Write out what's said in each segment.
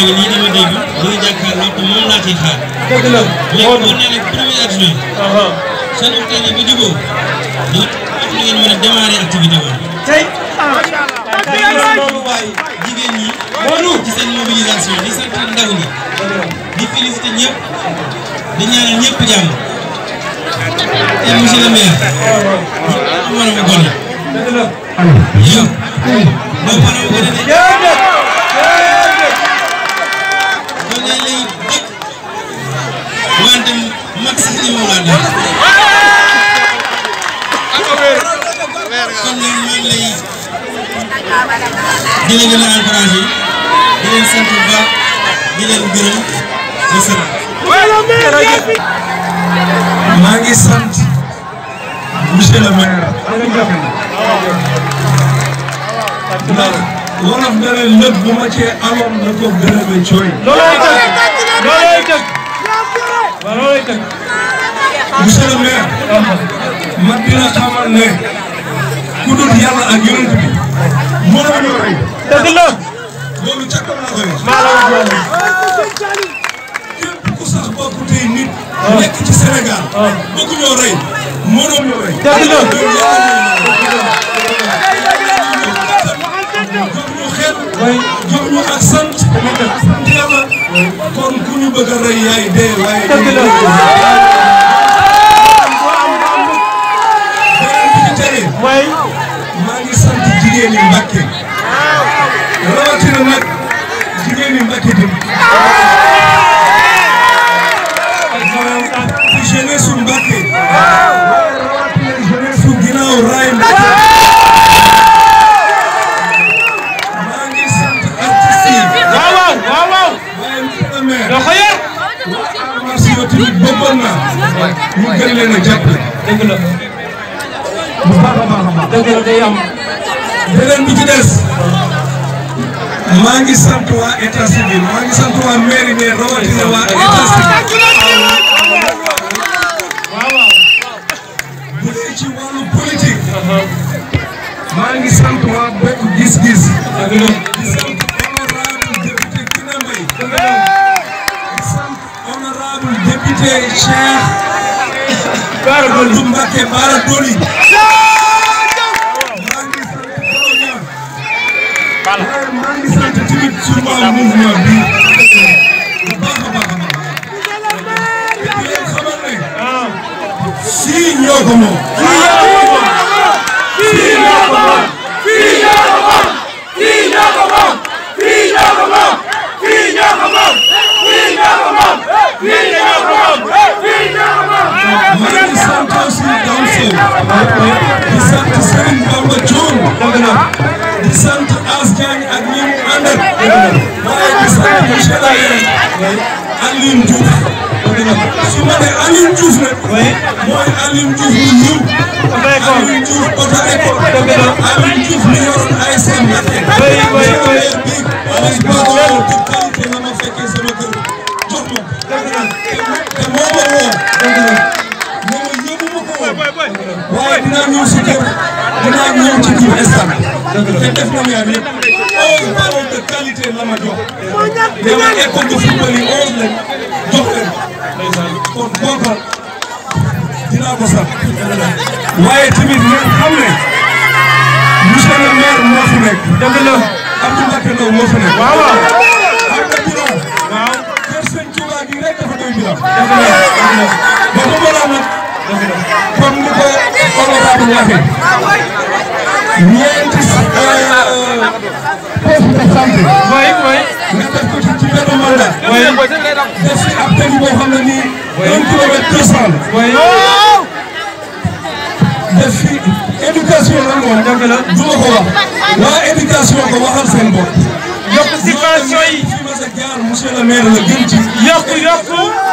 baa ngi nii dama dégg muy jàkkaarloo te moom laa ciy xaar. dëgg la loolu léegi boo nee premier adjoint. seen waxtaanee ba jubóo. dina am lu ngeen mën a démarrer activité boobu. tey jigéen ñi. ci seen mobilisation di sant ndaw ñi. di félicité ñëpp. di ñaanal ñëpp jàmm. te monsieur le maire. ñu ngi mën a mu gone. yow. boo paree mu gone de. la yi di leen ñaanal barage yi di leen sant bu baax di leen gërëm di sant. maa ngi sant monsieur le maire. ndax wolof nga ne lépp bu ma cee amoon na ko gërëmee cooy. loolay tëgg loolay tëgg. waaw loolay tëgg. monsieur le maire. man dina xamal ne. ku dul yàlla ak yonent bi moo la ñu rey. dëgg la. loolu ca kaw laa koy wax. maa la wax loolu. képp ku sax bokk tey nit. Ah. nekk ci Sénégal. Ah. bëgg ñoo rey. moo doon ñoo rey. dëgg la loolu yàlla jox ñu ak sant. sant yàlla. kon ku ñu bëgg a rey yaay dee waaye. dëgg la. bëggoon naa ñu gën leen a jàppale. dëgg la. bu baax a baax a baax. dëgg la day am. beneen bi ci des. maa ngi sant waa état civil maa ngi sant waa mairie mais rawatina waa état civil. Oh, bu dee ci wàllu politique. maa ngi sant waa Bokk Gis Gis. di sant diggante Cheikh Abdou Mbacké Bara Dolly maa ngi sant maa ngi sant tamit sur waa mouvement bi bu baax a baax a baax leen xamal ne fii ñoo ko moom fii ñoo ko moom fii ñoo ko moom fii ñoo ko moom fii ñoo ko moom fii ñoo ko moom Bachir di sant Serigne Bamba Thion di sant As Diagne ak ñi mu ànd ak waaye di sant monsieur le maire Alioune Diouf su ma nee Alioune Diouf nag mooy Alioune Diouf bu ñëw Alioune Diouf Bata École Alioune Diouf mi yoroon ASM Mbacké monsieur le maire bi responsable de qualité la ma fekkee sama kër jox ma te moo ma woo waaye dinaa ñëw si kër dinaa ñëw ci biir instant te def na mu yàgg yëpp onze parole de qualité la ma jox. demal école de football yi onze lañ jox leen kon boobal dinaa ko sax waaye tamit ngeen xam ne monsieur le maire moo fi nekk. dëgg la Abdou Mbacké Ndao moo fi nekk. waaw waaw. am na Bilal. waaw. kër Sëñ Tuubaa gi rek dafa doy Bilal. dëgg la dëgg la. comme ni ko honorable waxee ñeenti euh, poste de santé. mooy mooy. nga def ko ci benn mandat. mooy def si ab tali boo xam ne nii. un kilomètre deux cent la. mooy def fi éducation lan moom. dëgg la du ma ko wax. waa éducation ko waxal seen bopp. yokk subvention yi. fi ma sa jaar monsieur le maire la gën ci. yokk yokk.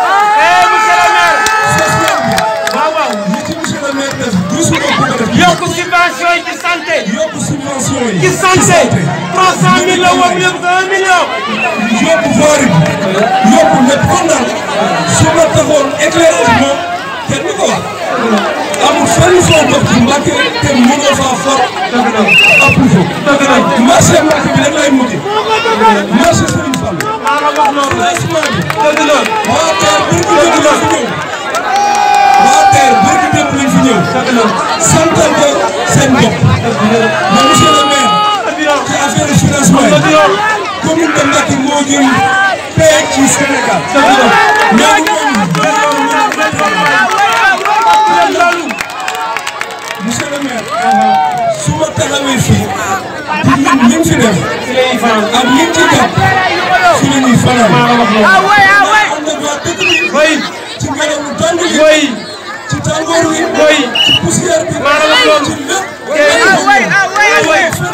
ki sancé 300000 la woon yëpp 1 million. yóbbu boori yóbbu lépp kon daal su ma taxoon éclairage moom kenn du ko wax amul fenn foo dox ci Mbàkke te mënoo faa for ab puso. marché Mbàkke bi rek lay mujjee marché Serigne Fall. placement bi. waa TER barki démb lañ fi ñëw. waa TER barki démb lañ fi ñëw. santal ko seen bopp. commune de Mbacké moo jël paix ci Sénégal. ñooñu ñooñu monsieur le maire. su ma taxawee fii. di lim fi def. ak lim ci jàpp. fi la ñuy faral. am na waa dëkk bi. ci ngelaw lu tàng li. ci tàngoor wi. ci poussière bi. ci lépp.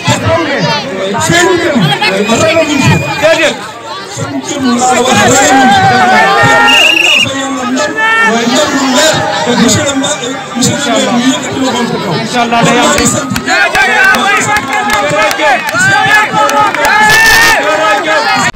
waaye ma ragaluñ ko. déedéet. suñ cër laa wax ragaluñ ko. waaye ndam lu leer. monsieur le maire monsieur le maire ñu yëkkati loxoom ko kaw. incha allah day am sant.